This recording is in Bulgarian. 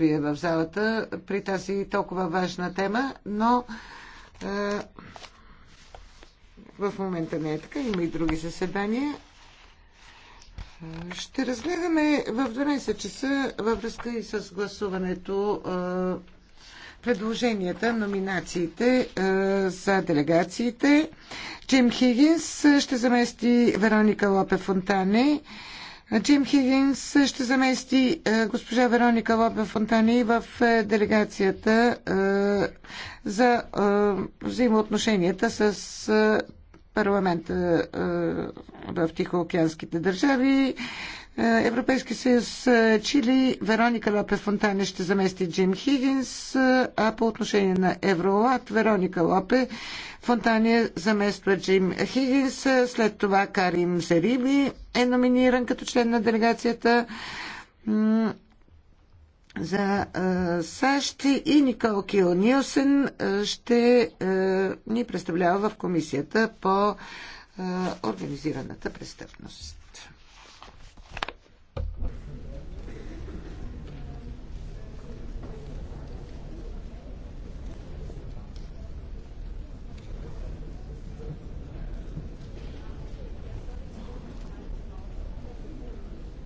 присъствие в залата при тази толкова важна тема, но е, в момента не е така. Има и други заседания. Е, ще разгледаме в 12 часа във връзка и с гласуването е, предложенията, номинациите е, за делегациите. Джим Хигинс ще замести Вероника Лопе Фонтане. Джим Хигинс ще замести е, госпожа Вероника Лопе Фонтани в е, делегацията е, за взаимоотношенията с парламента в Тихоокеанските държави. Е, Европейски съюз е, Чили Вероника Лопе Фонтане ще замести Джим Хигинс, е, а по отношение на Евролат Вероника Лопе Фонтане замества Джим Хигинс. След това Карим Зериби е номиниран като член на делегацията за САЩ и Никол Кио Нилсен ще ни представлява в комисията по организираната престъпност.